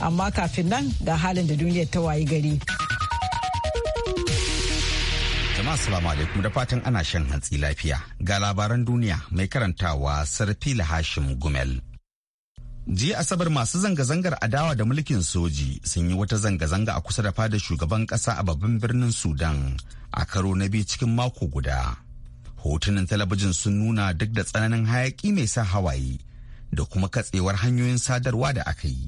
amma kafin nan ga halin da duniyar ta wayi gari. Jama'a salamu alaikum da fatan ana shan hantsi lafiya ga labaran duniya mai karantawa Sarfila Hashim Gumel. ji Asabar masu zanga-zangar adawa da mulkin soji sun yi wata zanga-zanga a kusa da fada shugaban kasa a babban birnin Sudan a karo na biyu cikin mako guda. Hotunan talabijin sun nuna duk da tsananin hayaki mai sa hawaye da kuma katsewar hanyoyin sadarwa da aka yi.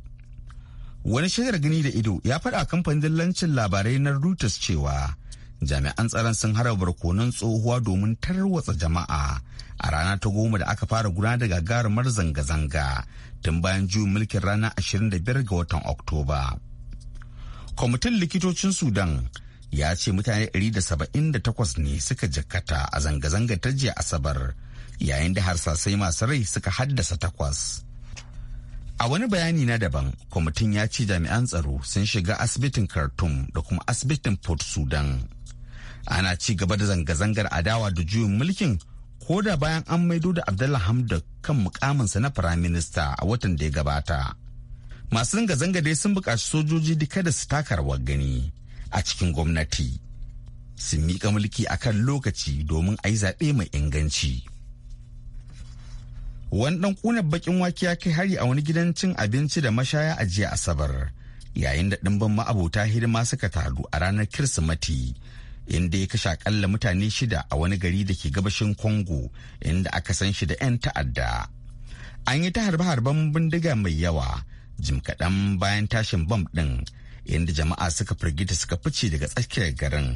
wani shaidar gani da ido ya faɗa kamfanin dillancin labarai na reuters cewa jami'an tsaron sun hara barkonon tsohuwa domin tarwatsa jama'a a rana ta goma da aka fara gudanar da gagarumar zanga-zanga tun bayan juyin mulkin ranar 25 ga watan oktoba kwamitin likitocin sudan ya ce mutane 178 ne suka jikkata a zanga-zanga ta jiya asabar yayin da harsasai masu rai suka haddasa takwas A wani bayani na daban, kwamitin ya ce jami'an tsaro sun shiga asibitin Khartoum da kuma asibitin Port Sudan. Ana ci gaba da zanga-zangar adawa da juyin mulkin ko da bayan an maido da Abdullah Hamda kan mukaminsa na firaminista a watan da ya gabata. Masu zanga-zanga dai sun buƙaci sojoji duka da su taka rawar gani a cikin gwamnati. Sun miƙa mulki a kan lokaci domin a yi zaɓe mai inganci. wani dan kunar bakin wake ya kai hari a wani gidan cin abinci da mashaya a jiya asabar yayin da ɗimbin ma'abota hidima suka taru a ranar kirsimati inda ya kashe akalla mutane shida a wani gari da ke gabashin congo inda aka san shi da 'yan ta'adda an yi ta harbe-harben bindiga mai yawa jim kaɗan bayan tashin bam ɗin inda jama'a suka firgita suka fice daga tsakiyar garin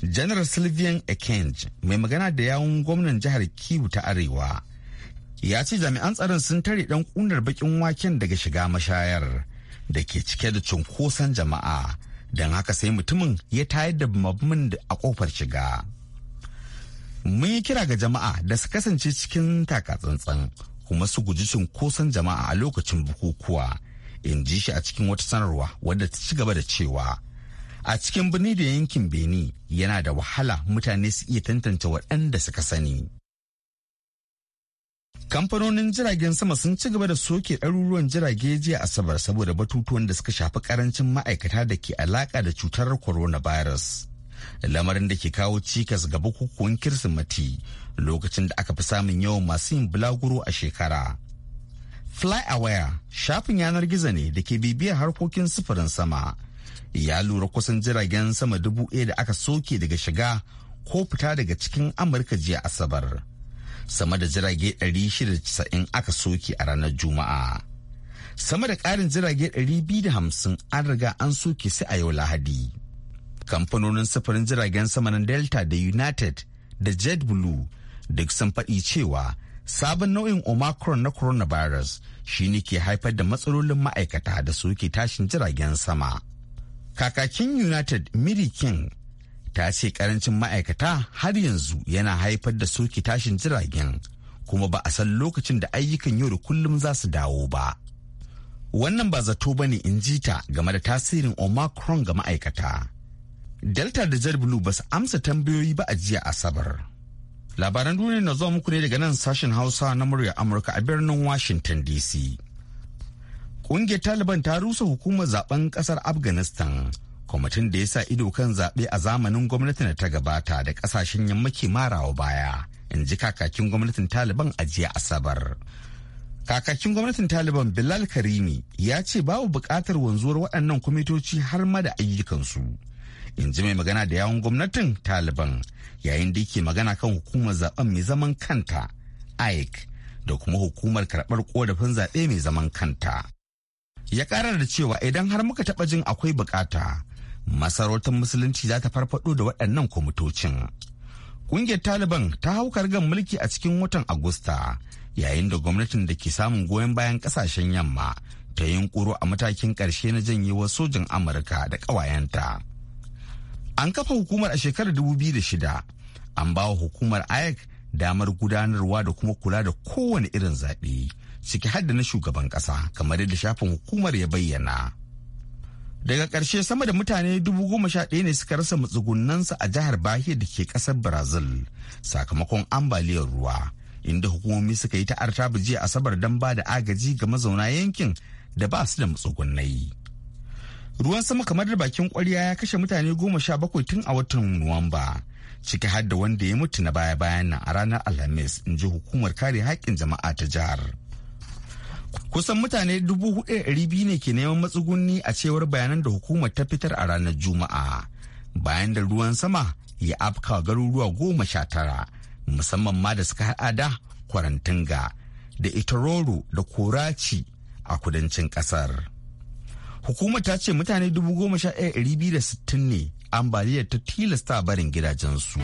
Janaral sylvian ekenge mai magana da yawun gwamnan jihar kiwu ta arewa ya ce jami'an tsaron sun tare dan kunar bakin waken daga shiga mashayar da ke cike da cunkoson jama'a don haka sai mutumin ya tayar da da a kofar shiga mun yi kira ga jama'a da su kasance cikin takatsantsan kuma su guji cunkoson jama'a a lokacin bukukuwa in ji shi a cikin wata sanarwa wadda ta ci gaba da cewa a cikin birni da yankin beni yana da wahala mutane su iya tantance waɗanda suka sani kamfanonin jiragen sama sun ci gaba da soke ɗaruruwan jirage jiya asabar saboda batutuwan da suka shafi karancin ma'aikata da ke alaƙa da cutar coronavirus lamarin da ke kawo cikas ga bukukuwan kirsimati lokacin da aka fi samun yawan masu yin bulaguro a shekara flyaware shafin yanar gizo ne da ke bibiyar harkokin sufurin sama ya lura kusan jiragen sama dubu ɗaya da aka soke daga shiga ko fita daga cikin amurka jiya asabar sama da jirage 690 aka soke a ranar juma'a sama da ƙarin jirage 250 an riga an soke su a yau lahadi kamfanonin sufurin jiragen sama na delta da united da jetblue duk sun faɗi cewa sabon nau'in omicron na coronavirus shine ke haifar da matsalolin ma'aikata da suke tashin jiragen sama kakakin united miri king ta ce karancin ma'aikata har yanzu yana haifar da soke tashin jiragen kuma ba a san lokacin da ayyukan yau da kullum za su dawo ba. Wannan ba zato ba ne in ji ta game da tasirin Omicron ga ma'aikata. Delta da Jar Blue ba su amsa tambayoyi ba a jiya Asabar. Labaran duniya na zuwa muku ne daga nan sashen Hausa na murya Amurka a birnin Washington DC. Ƙungiyar Taliban ta rusa hukumar zaben ƙasar Afghanistan kwamitin da ya sa ido kan zaɓe a zamanin gwamnatin da ta gabata da ƙasashen yammaki marawa baya in ji kakakin gwamnatin taliban a jiya asabar kakakin gwamnatin taliban bilal karimi ya ce babu buƙatar wanzuwar waɗannan kwamitoci har ma da ayyukansu in ji mai magana da yawon gwamnatin taliban yayin da yake magana kan hukumar zaben mai zaman kanta aik da kuma hukumar karɓar korafin zaɓe mai zaman kanta ya ƙara da cewa idan har muka taɓa jin akwai bukata masarautar musulunci za ta farfado da waɗannan kwamitocin ƙungiyar taliban ta hau kargan mulki a cikin watan agusta yayin da gwamnatin da ke samun goyon bayan ƙasashen yamma ta yunƙuro a matakin ƙarshe na janyewar sojin amurka da ƙawayenta an kafa hukumar a shekarar dubu biyu da shida an ba wa hukumar ayek damar gudanarwa da kuma kula da kowane irin zaɓe ciki hadda na shugaban ƙasa kamar yadda shafin hukumar ya bayyana. daga ƙarshe sama da mutane dubu goma sha ɗaya ne suka rasa matsugunansu a jihar bahia da ke ƙasar brazil sakamakon ambaliyar ruwa inda hukumomi suka yi ta artabu jiya asabar don ba da agaji ga mazauna yankin da ba su da matsugunai ruwan sama kamar da bakin kwarya ya kashe mutane goma sha bakwai tun a watan nuwamba ciki har da wanda ya mutu na baya-bayan nan a ranar alhamis in ji hukumar kare haƙƙin jama'a ta jihar Kusan mutane dubu biyu ne ke neman matsuguni a cewar bayanan da hukumar ta fitar a ranar Juma'a. Bayan da ruwan sama ya afka garuruwa goma sha tara musamman ma da suka haɗa da kwarantinga da itororo da koraci a kudancin ƙasar. Hukumar ta ce mutane dubu goma sha biyu da sittin ne ambaliyar ta tilasta barin gidajensu.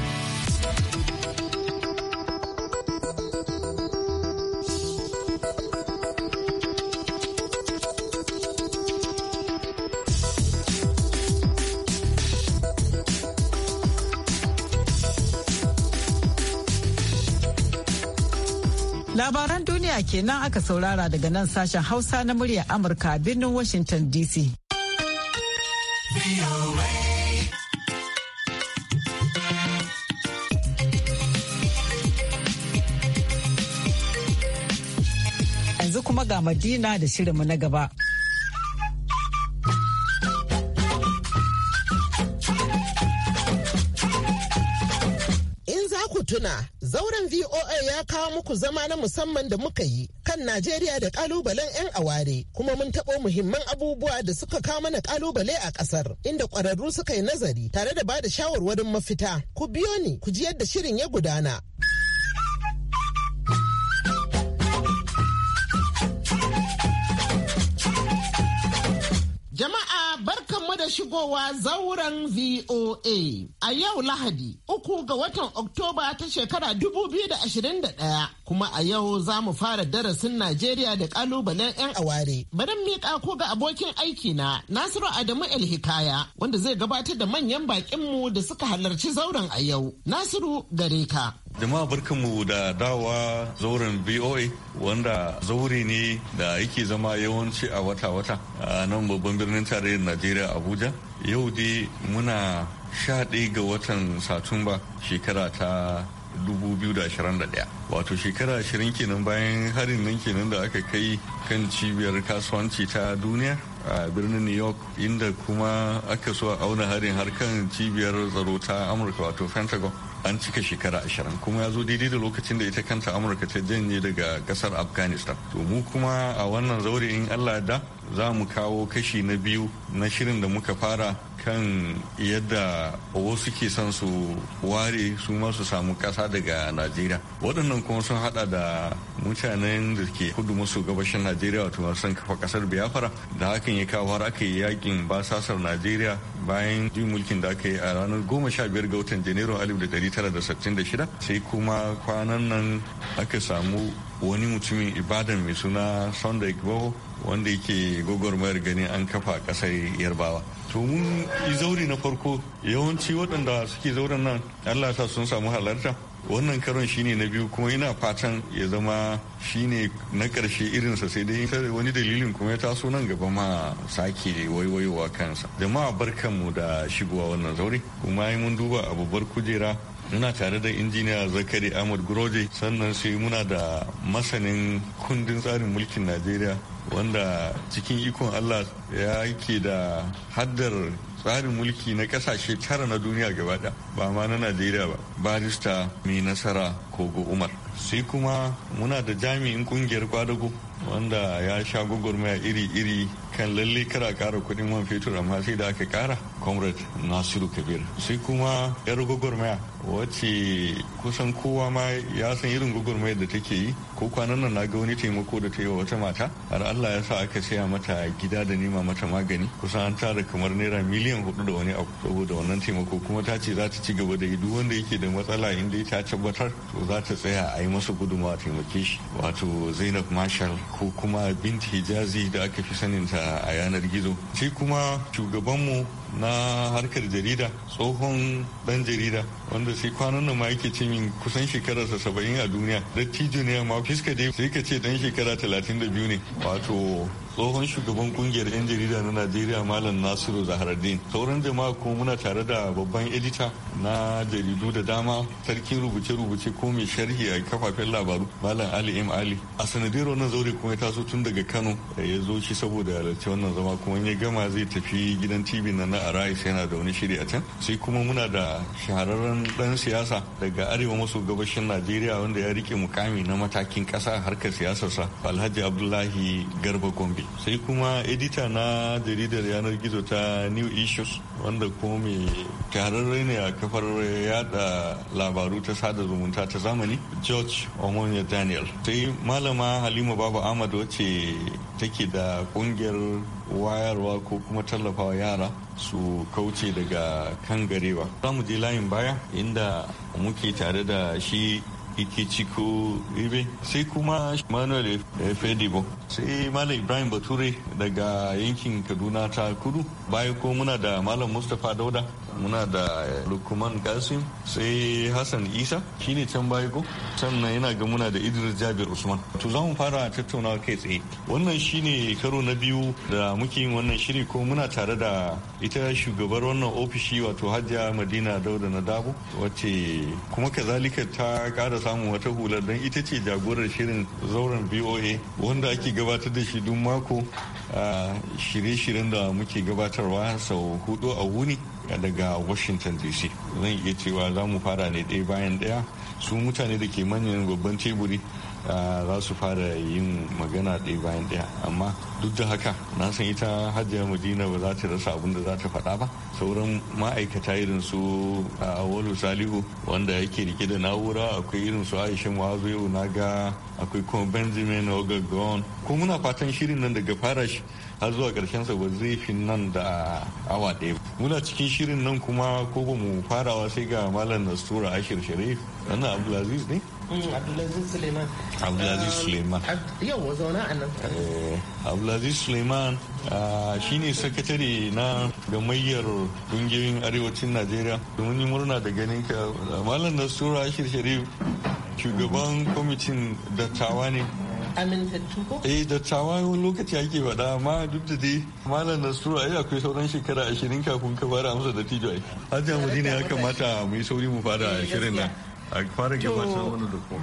Labaran duniya kenan aka saurara daga nan sashen Hausa na muryar Amurka a birnin Washington DC. Yanzu kuma ga Madina da shirinmu na gaba. kawo muku zama na musamman da muka yi kan Najeriya da kalubalen 'yan aware kuma mun taɓo muhimman abubuwa da suka kawo mana kalubale a ƙasar inda ƙwararru suka yi nazari tare da ba da shawarwarin mafita. Ku biyo ni ku ji yadda shirin ya gudana. shigowa zauren VOA a yau Lahadi uku ga watan Oktoba ta shekara 2021 kuma a yau za mu fara darasin Najeriya da kalubalen 'yan aware. Bari miƙa ko ga abokin aiki na Nasiru Adamu El wanda zai gabatar da manyan mu da suka halarci zauren a yau. Nasiru gare ka. Jama'a mu da dawa zauren BOA wanda zauri ne da yake zama yawanci a wata-wata a nan babban birnin tarayyar Najeriya Abuja. Yau dai muna sha ɗaya ga watan Satumba shekara ta 2021 wato shekara 20 kenan bayan harin nan kenan da aka kai kan cibiyar kasuwanci ta duniya a birnin new york inda kuma aka so a auna harin har kan cibiyar tsaro ta amurka wato pentagon an cika shekara ashirin kuma ya zo daidai da lokacin da ita kanta amurka ta janye daga kasar afghanistan to mu kuma a wannan zaure in allah da za mu kawo kashi na biyu na shirin da muka fara kan yadda wasu ke son su ware su ma su samu kasa daga najeriya waɗannan kuma sun hada da mutanen da ke kudu maso gabashin najeriya wato masu son kafa kasar biyafara da hakan ya kawo har aka yi yakin basasar najeriya bayan jin mulkin da aka yi a ranar goma sha biyar ga watan janairu alif da dari tara da sittin da shida sai kuma kwanan nan aka samu wani mutumin ibadan mai suna sunday igboho wanda yake gwagwarmayar ganin an kafa kasar yarbawa to mun yi zauri na farko yawanci waɗanda suke zauren nan allah sa sun samu halarta wannan karon shine na biyu kuma ina fatan ya zama shine na karshe irinsa sai dai wani dalilin kuma ya taso nan gaba ma sake waiwaiwa kansa jama'a barkanmu da shigowa wannan zaure kuma mun duba a babbar kujera muna tare da injiniya zakari ahmad guroje sannan sai muna da masanin kundin tsarin mulkin najeriya wanda cikin ikon allah ya ke da haddar tsarin mulki na kasashe tara na duniya gaba ba ma na najeriya ba barista mai nasara kogo umar sai kuma muna da jami'in kungiyar kwadago wanda ya sha gwagwarmaya iri-iri kan lalle kara kara kudin man fetur amma sai da aka kara comrade nasiru kabir sai kuma yar gwagwarmaya wacce kusan kowa ma ya san irin gwagwarmayar da take yi ko kwanan nan na ga wani taimako da ta yi wa wata mata har Allah ya sa aka saya mata gida da nema mata magani kusan an tara kamar naira miliyan hudu da wani abu saboda wannan taimako kuma ta ce za ta ci gaba da yi duk wanda yake da matsala inda ta tabbatar to za ta tsaya a yi masa guduma taimake shi wato Zainab Marshall ko kuma Binti Hijazi da aka fi saninta a yanar gizo sai kuma shugabanmu na harkar jarida tsohon dan jarida wanda sai kwanan nan ma yake ce kusan shekararsa saba'in a duniya dattijo ne ma fiska dai sai ka ce dan shekara talatin da biyu ne wato tsohon shugaban kungiyar 'yan jarida na najeriya malam nasiru zaharaddin sauran jama'a kuma muna tare da babban edita na jaridu da dama sarkin rubuce-rubuce ko mai sharhi a kafafen labaru malam ali im ali a sanadiyar wannan zaure kuma ya taso tun daga kano eh, ya zo shi saboda halarci wannan zama kuma ya gama zai tafi gidan tv na na sai yana da wani shiri a can sai kuma muna da shahararren dan siyasa daga arewa maso gabashin najeriya wanda ya rike mukami na matakin kasa harkar siyasarsa alhaji abdullahi garba gombe sai kuma edita na jaridar yanar gizo ta new issues wanda kuma mai tararre ne a kafar yada labaru ta sada zumunta ta zamani george omonia daniel sai malama halima babu ahmad wacce take da kungiyar wayarwa ko kuma tallafawa yara su kauce daga kan garewa za mu je layin baya inda muke tare da shi Ikechiko Ibe sai kuma Manuel efedibo sai Malam Ibrahim Bature daga yankin Kaduna ta kudu baya ko muna da Malam Mustapha Dauda muna da lukman kasim sai hassan isa shine can baya ko sannan yana ga muna da idris jabir usman to za mu fara tattaunawa kai tsaye wannan shine karo na biyu da muke yin wannan shiri ko muna tare da ita shugabar wannan ofishi wato hajiya madina dauda na dabo wacce kuma kazalika ta kara samun wata hular don ita ce jagorar shirin zauren boa wanda ake gabatar da shi duk mako a shirye-shiryen da muke gabatarwa sau hudu a wuni a daga washington dc zan iya cewa za mu fara ne ɗaya bayan ɗaya su mutane da ke manyan babban teburi ah, za su fara yin magana ɗaya bayan ɗaya amma duk da haka na san ita hajjiyar madina ba za ta rasa abin da za ta faɗa ba sauran ma'aikata irin su awolu ah, salihu wanda yake rike da na'ura akwai irin su aisha mawazo yau na ga akwai kuma benjamin ogagon ko muna fatan shirin nan daga fara shi har zuwa karshen sa ba zai fi nan da awa ɗaya muna cikin shirin nan kuma ko ba mu farawa sai ga malam nasura ashir sharif wannan abdulaziz ne mm, abdulaziz suleiman abdulaziz um, suleiman eh, ah, shi ne sakatare na gamayyar kungiyoyin arewacin najeriya domin yi murna da ganin ka malam nasura ashir sharif shugaban kwamitin dattawa ne amintattu ko? Eh dattawa wani lokaci ake faɗa amma duk da dai malam Nasiru ai akwai sauran shekara ashirin kafin ka fara amsa da tijo ai. Hajiya Madina ya kamata mu yi sauri mu fara shirin nan.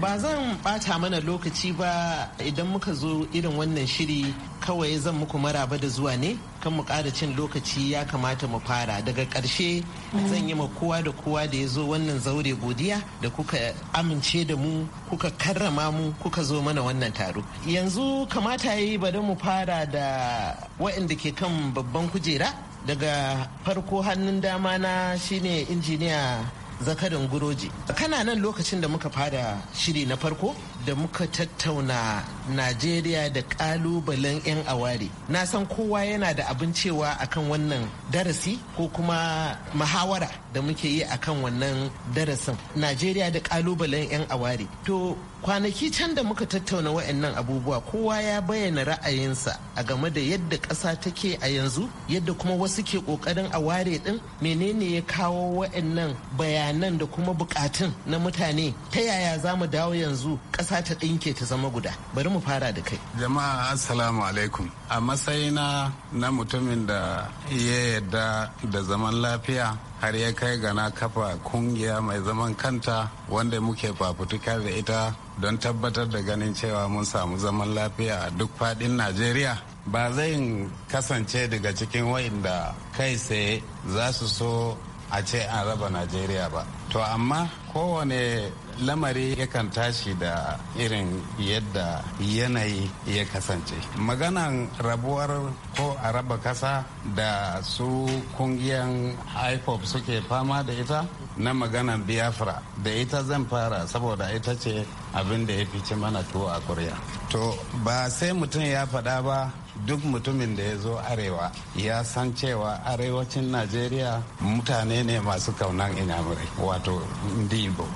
ba zan bata mana lokaci ba idan muka zo irin wannan shiri kawai zan muku maraba da zuwa ne kan mu ƙara cin lokaci ya kamata mu fara daga ƙarshe mm. zan yi ma kowa da kowa da ya zo wannan zaure godiya da kuka amince da mu kuka karrama mu kuka zo mana wannan taro yanzu kamata yi bari mu fara da waɗanda ke kan babban kujera daga farko hannun dama na shine injiniya zakarin guroji kana nan lokacin da muka fara shiri na farko da muka tattauna Najeriya da kalubalen 'yan aware. Na san kowa yana da abin cewa akan wannan darasi ko kuma mahawara da muke yi akan wannan darasin. Najeriya da kalubalen 'yan aware. To kwanaki can da muka tattauna waɗannan abubuwa kowa ya bayyana ra'ayinsa a game da yadda ƙasa take a yanzu yadda kuma wasu ke ƙoƙarin a ware ɗin menene ya kawo waɗannan bayanan da kuma buƙatun na mutane ta yaya za mu dawo yanzu ƙasa ƙasa ta ɗinke ta zama guda bari mu fara da kai jama'a assalamu alaikum a matsayina na mutumin da ya yarda da zaman lafiya har ya kai ga na kafa kungiya mai zaman kanta wanda muke fafutuka da ita don tabbatar da ganin cewa mun samu zaman lafiya a duk faɗin najeriya ba zan kasance daga cikin wa'inda kai sai za su so a ce an raba najeriya ba to amma kowane lamari yakan tashi da irin yadda yanayi ya kasance maganan rabuwar ko a raba kasa da su kungiyan ipop suke fama da ita na maganan biafra da ita zan fara saboda ita ce abin da ya fice mana tuwo a kuriya to ba sai mutum ya faɗa ba duk mutumin da ya zo arewa ya san cewa arewacin najeriya mutane ne masu kaunan inyamurai wato ndibo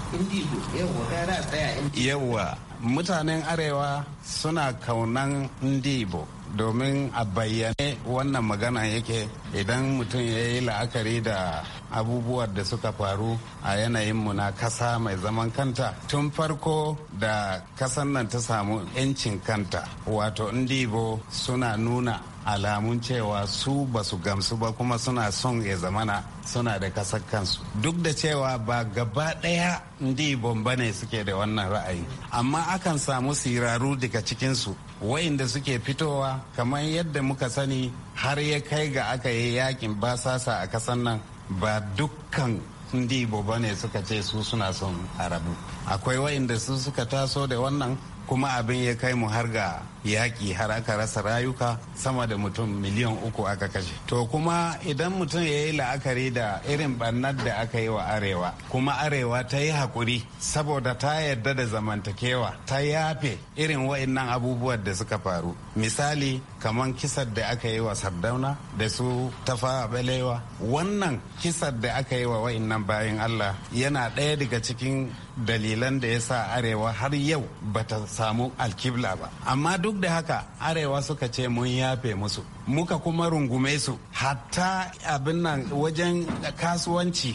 yawwa mutanen arewa suna kaunan ndibo domin a bayyane wannan magana yake idan mutum ya yi la'akari da abubuwan da suka faru a yanayin mu na kasa mai zaman kanta tun farko da kasan nan ta samu 'yancin kanta wato ndibo suna nuna alamun cewa su ba su gamsu ba kuma suna son ya zamana suna da kasar kansu duk da cewa ba gaba ɗaya ndi ba ne suke da wannan ra'ayi amma akan samu siraru daga cikinsu wayanda suke fitowa kamar yadda muka sani har ya kai ga aka yi yakin basasa a kasan nan ba dukkan ndibo ba ne suka ce su suna son harabu akwai waɗanda su suka taso da wannan kuma abin ya kai mu har ga yaƙi har aka rasa rayuka sama da mutum miliyan uku aka kashe to kuma idan mutum ya yi la'akari da irin barnar da aka yi wa arewa kuma arewa ta yi haƙuri saboda ta yarda da zamantakewa ta yafe irin wa'innan abubuwan da suka faru misali kamar kisar da aka yi wa sardauna da su tafa balewa wannan kisar da aka yi wa wa'innan bayan allah yana ɗaya daga cikin dalilan da ya sa arewa har yau ba ta samu alkibla ba amma duk da haka arewa suka ce mun yafe musu muka kuma rungume su hatta abin nan wajen kasuwanci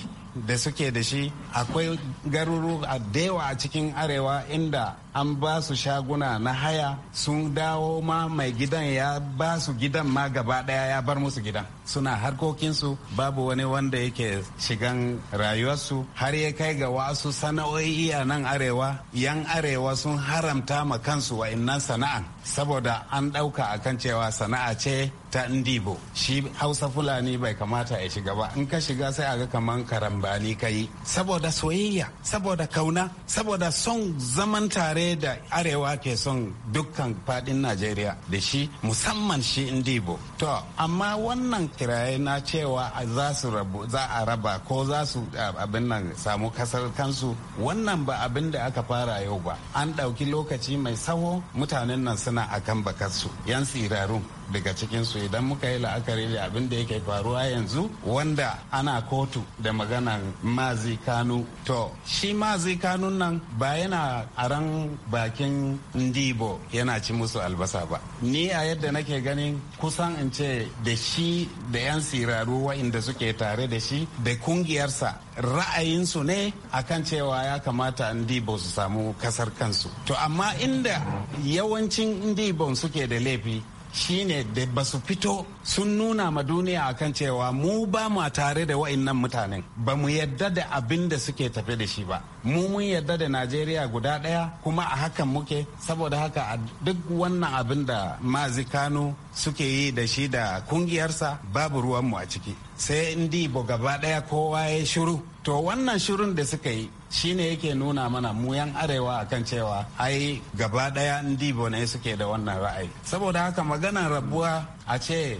da suke da shi akwai garuru a dewa a cikin arewa inda an ba su shaguna na haya sun dawo ma mai gidan ya ba su gidan ma gaba daya ya bar musu gidan suna harkokinsu babu wani wanda yake shigan rayuwarsu har ya kai ga wasu sana'o'i a nan arewa yan arewa sun haramta ma kansu innan sana'an saboda an ɗauka kan cewa sana'a ce ta ndibo shi hausa fulani bai kamata ya shiga ba in ka shiga sai a ga kaman karambani ka yi saboda soyayya saboda kauna saboda son zaman tare ɗaya da arewa ke son dukkan fadin najeriya da shi musamman shi indibo to amma wannan kiraye na cewa za su rabu za a raba ko za su abin nan samu kasar kansu wannan ba abin da aka fara yau ba an ɗauki lokaci mai tsawo mutanen nan suna akan bakarsu yan tsirarun daga cikinsu idan muka yi la'akari da abin da yake faruwa yanzu wanda ana kotu da magana mazi kanu to shi mazi kanun nan ba yana aran bakin ndibo yana ci musu albasa ba ni a yadda nake ganin kusan in ce da shi da 'yan siraru wa'inda suke tare da shi da kungiyarsa ra'ayinsu ne a kan cewa ya kamata ndibo su samu kasar kansu to amma inda yawancin ndibon suke da laifi shine da ba su fito sun nuna ma duniya akan cewa mu ba mu tare da wa'annan mutanen ba mu yadda da abin da suke tafe da shi ba mu mun yarda da najeriya guda daya kuma a hakan muke saboda haka a duk wannan abin da mazi kano suke yi da shi da kungiyarsa babu ruwanmu a ciki sai indi gaba daya kowa ya shiru to wannan shirun da suka yi shine yake nuna mana mu yan arewa akan cewa ai gaba daya dibo ne suke da wannan ra'ayi saboda haka maganar rabuwa a ce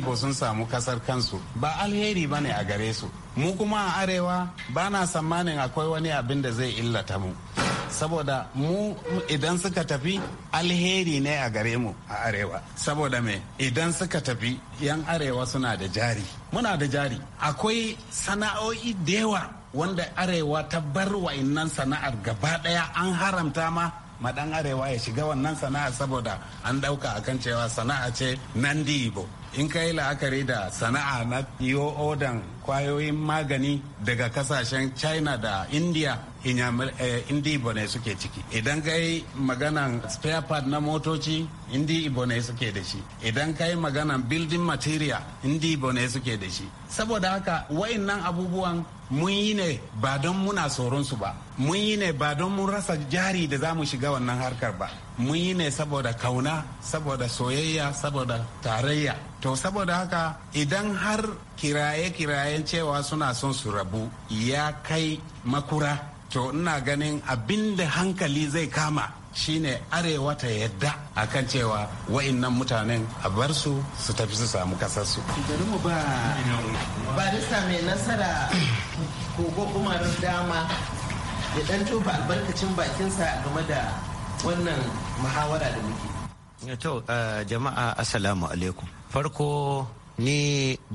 ba sun samu kasar kansu ba alheri ba ne a gare su mu kuma a arewa ba na tsammanin akwai wani abin da zai illata mu saboda mu idan suka tafi alheri ne a gare mu a arewa saboda me idan suka tafi yan arewa suna da jari muna da jari akwai sana'o'i da yawa wanda arewa ta bar wa'innan sana'ar gaba daya an haramta ma ma arewa ya shiga wannan sana'a saboda an dauka akan cewa sana'a ce nan dibo in ka yi la'akari da sana'a na yo odan kwayoyin magani daga kasashen china da india eh, indi ibo ne suke ciki idan ka yi maganan spare part na motoci indi ibo ne suke da shi idan ka yi maganan building material indi ibo ne suke da shi saboda haka nan abubuwan mun yi ne ba don muna tsoron su ba mun yi ne ba don mun rasa jari da za mu shiga wannan harkar ba mun yi ne saboda kauna saboda soyayya saboda tarayya to saboda haka idan har kiraye-kirayen cewa suna son su rabu ya kai makura to ina ganin abin da hankali zai kama shine arewa ta yadda akan cewa wa'innan mutanen a bar su su tafi su samu su. mu ba barista mai nasara gogo umar dama ya dan tofa albarkacin bakinsa game da wannan muhawara da muke. To eh, jama'a assalamu alaikum. Farko ni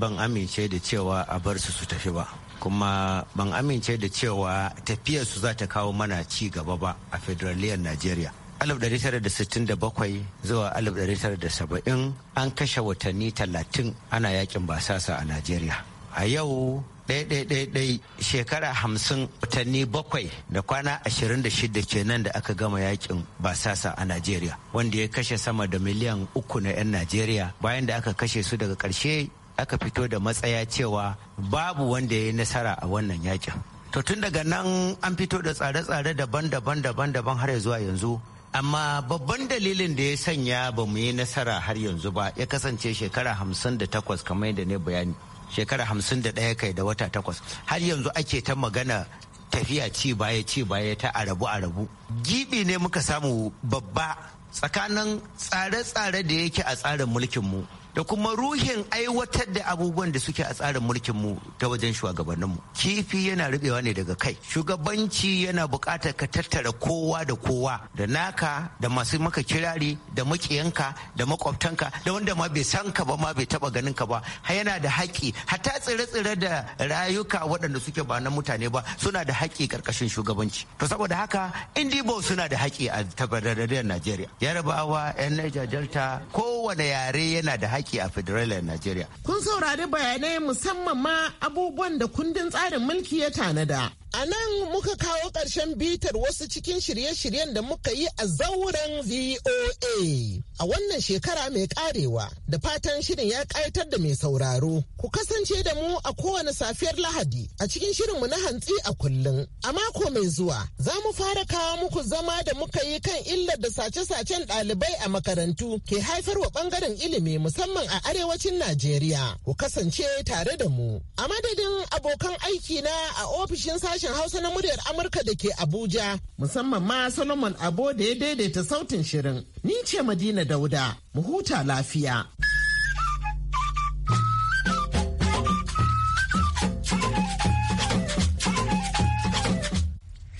ban amince da cewa a bar su su tafi ba. kuma ban amince da cewa tafiyarsu za ta kawo mana ci gaba ba a federaliyar najeriya 1967 zuwa 1970 an kashe watanni 30 ana yakin basasa a najeriya a yau ɗaiɗaiɗaiɗai shekara hamsin watanni bakwai da kwana ashirin da shida kenan da aka gama yakin basasa a najeriya wanda ya kashe sama da miliyan uku na 'yan najeriya bayan da aka kashe su daga ƙarshe aka fito da matsaya cewa babu wanda ya yi nasara a wannan yakin to tun daga nan an fito da tsare-tsare daban-daban daban-daban har zuwa yanzu amma babban dalilin da ya sanya ba mu yi nasara har yanzu ba ya kasance shekara hamsin da takwas kamar yadda ne bayani shekara hamsin da ɗaya kai da wata takwas har yanzu ake ta magana tafiya ci baya ci baya ta arabu arabu gibi ne muka samu babba tsakanin tsare-tsare da yake a tsarin mulkinmu da kuma ruhin aiwatar da abubuwan da suke a tsarin mulkin mu ta wajen shugabanninmu kifi yana rubewa ne daga kai shugabanci yana bukatar ka tattara kowa da kowa da naka da masu maka kirari da makiyanka da makwabtanka da wanda ma bai san ka ba ma bai taba ganin ka ba har yana da haƙƙi hatta tsire-tsire da rayuka waɗanda suke ba na mutane ba suna da haƙƙi karkashin shugabanci to saboda haka indibo suna da haƙƙi a tabardariyar najeriya yarabawa yan niger delta kowane yare yana da haƙƙi aiki a federalin Najeriya. Kun saurari bayanai musamman ma abubuwan da kundin tsarin mulki ya tanada A nan muka kawo ƙarshen bitar wasu cikin shirye-shiryen da muka yi a zauren VOA. A wannan shekara mai karewa da fatan shirin ya ƙayatar da mai sauraro. Ku kasance da mu a kowane safiyar Lahadi a cikin shirinmu na hantsi a kullum. A mako mai zuwa za mu fara kawo muku zama da muka yi kan illar da sace-sacen ɗalibai a makarantu ke haifar wa ɓangaren ilimi musamman a arewacin Najeriya. Ku kasance tare da mu. A madadin abokan aiki na a ofishin sashi sashen Hausa na muryar Amurka da ke Abuja, musamman ma Solomon Abo da ya daidaita sautin shirin. Ni ce Madina Dauda, mu huta lafiya.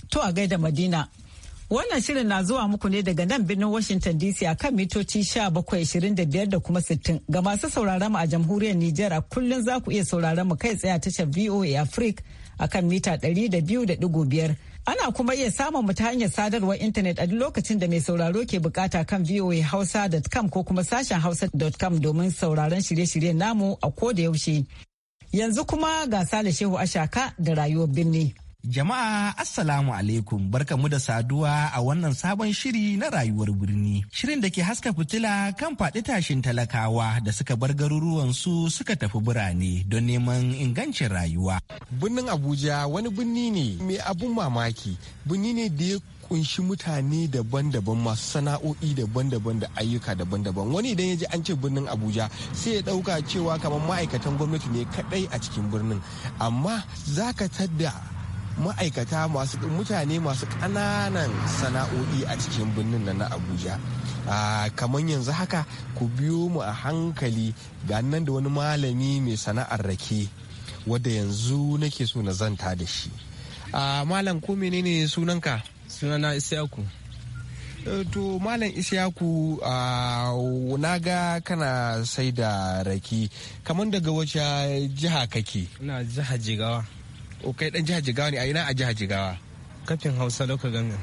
To a gaida Madina. Wannan shirin na zuwa muku ne daga nan birnin Washington DC a kan mitoci 1725 da kuma 60. Ga masu sauraron mu a jamhuriyar Nijar a kullum za ku iya sauraron mu kai tsaye a tashar VOA Africa a kan mita 200.5 ana kuma iya samun mu ta hanyar sadarwar intanet a duk lokacin da mai sauraro ke bukata kan voahausa.com ko kuma sashen hausa.com domin sauraron shirye-shiryen namu a ko da yaushe yanzu kuma ga sale shehu ashaka da rayuwar birni Jama'a Assalamu alaikum barkamu da saduwa a wannan sabon shiri na rayuwar birni. Shirin da ke haska fitila kan faɗi tashin talakawa da suka bar garuruwan su suka tafi birane don neman ingancin rayuwa. Birnin Abuja wani birni ne mai abun mamaki, birni ne da ya kunshi mutane daban-daban masu sana'o'i daban-daban da ayyuka daban-daban wani idan ya ji an ce birnin abuja sai ya ɗauka cewa kamar ma'aikatan gwamnati ne kaɗai a cikin birnin amma za ka tadda ma'aikata masu mutane masu ƙananan sana'o'i a cikin birnin nan na abuja kamar yanzu haka ku biyo mu a hankali ga nan da wani malami mai sana'ar rake wadda yanzu nake so na zanta da shi malam ko menene sunanka sunana isiyaku eh, to malam Ishaku na ga kana sai da rake kamar daga wace jiha kake na jiha jigawa Okai kai dan jihar jigawa ne a ina a jihar jigawa kafin hausa local government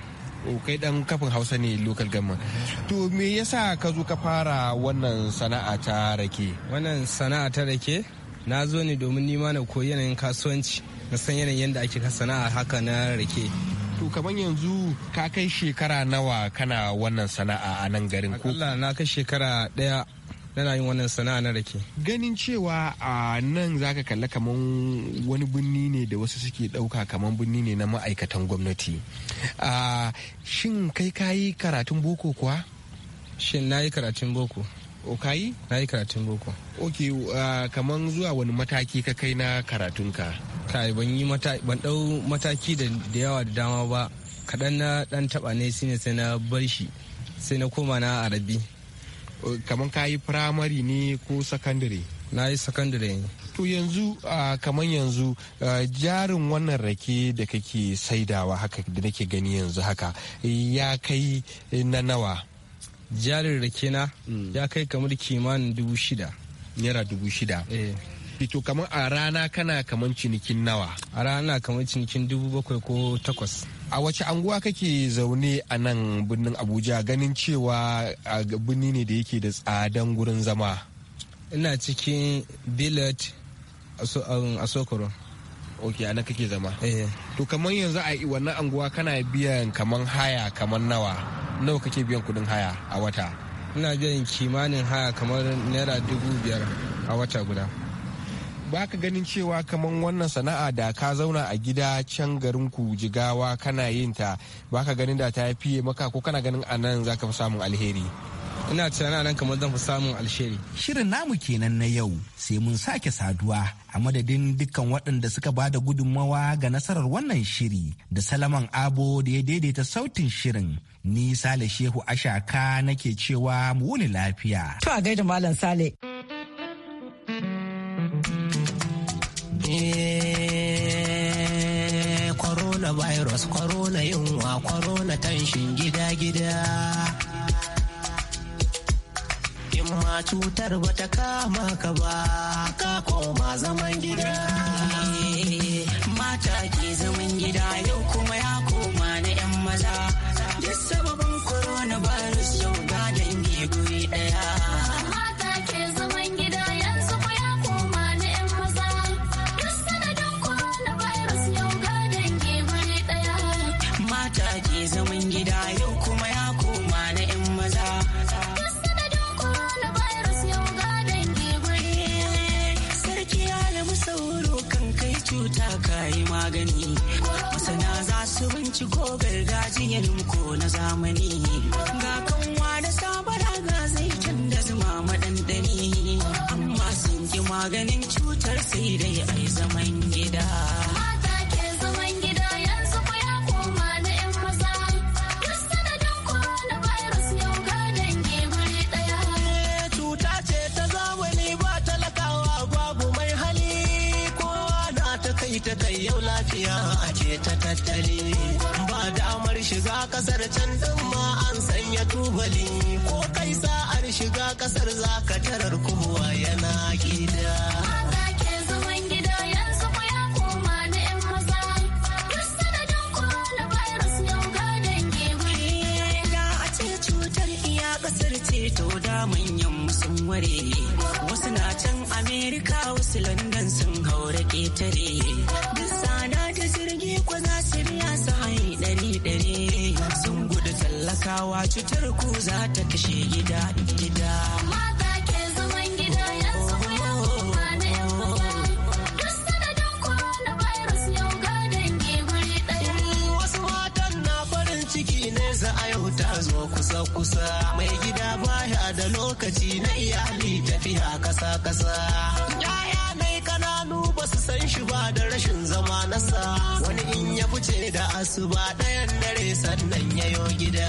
o kai dan kafin hausa ne local government to me yasa ka zo ka fara wannan sana'a ta rake wannan sana'a ta rake na zo ne domin nima na koyi yanayin kasuwanci na san yanayin yadda ake sana'a haka na rake to kamar yanzu ka kai shekara nawa kana wannan sana'a a nan garin ko na kai shekara daya na yin wannan sana'a na rake ganin cewa a nan zaka kalla kaman wani binni ne da wasu suke dauka kaman binni ne na ma'aikatan gwamnati shin kai kayi karatun boko kuwa shin na yi karatun boko o kayi na yi karatun boko ok kaman zuwa wani mataki ka kai na karatunka kai ban yi ban dau mataki da yawa da dama ba kaɗan na ɗan taɓa ne shine sai na bar shi sai na koma na arabi kamar ka yi firamare ne ko sakandare na yi sakandare to yanzu kamar yanzu jarin wannan rake da kake saidawa haka da nake gani yanzu haka ya kai na nawa jarin rake na hmm. ya kai kamar kimanin dubu shida naira dubu shida eh. to kamar a rana kana kamar cinikin nawa a rana kamar cinikin dubu bakwai ko takwas a wace anguwa kake zaune a nan birnin abuja ganin cewa a birni ne da yake da tsadan gurin zama ina cikin billet um, a sokoro ok ana kake zama eh. to kamar yanzu a wannan anguwa kana biyan kamar haya kamar nawa nawa kake biyan kudin haya a wata ina biyan kimanin haya kamar naira dubu biyar a wata guda ba ka ganin cewa kamar wannan sana'a da ka zauna a gida can garin ku jigawa kana yin ta ba ka ganin da ta fiye maka ko kana ganin a nan za ka fi samun alheri ina tunanin nan kamar zan fi samun alheri shirin namu kenan na yau sai mun sake saduwa a madadin dukkan waɗanda suka ba da gudunmawa ga nasarar wannan shiri da salaman abo da ya daidaita sautin shirin ni sale shehu ashaka nake cewa mu wuni lafiya to a gaida malam sale corona virus corona yunwa corona tanshin gida-gida in ma cutar bata kama ka ba ka koma zaman gida mata ke ita ta yau lafiya a ce ta tattali ba damar shiga kasar can din ma an sanya tubali ko kai sa'ar shiga kasar zaka tarar kuwa yana gida. ce da manyan sun ware wasu na can amerika wasu london sun haura ketare duk sana ta jirgi ku za su riya su hai ɗari ɗari sun gudu tallakawa cutar ku za ta kashe gida gida kusa mai gida baya da lokaci na iyali tafiya kasa kasa yaya mai kananu ba su san shi ba da rashin zama na sa. wani in ya fice da asuba ɗayan dare sannan ya yo gida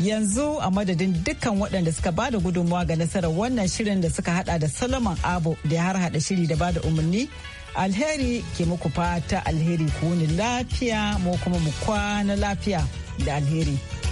yanzu a madadin dukkan waɗanda suka ba da gudunmawa ga nasarar wannan shirin da suka hada da solomon abu da ya har hada shiri da ba da umarni alheri ke muku fata alheri ku wuni lafiya mu kuma mu kwana lafiya da alheri.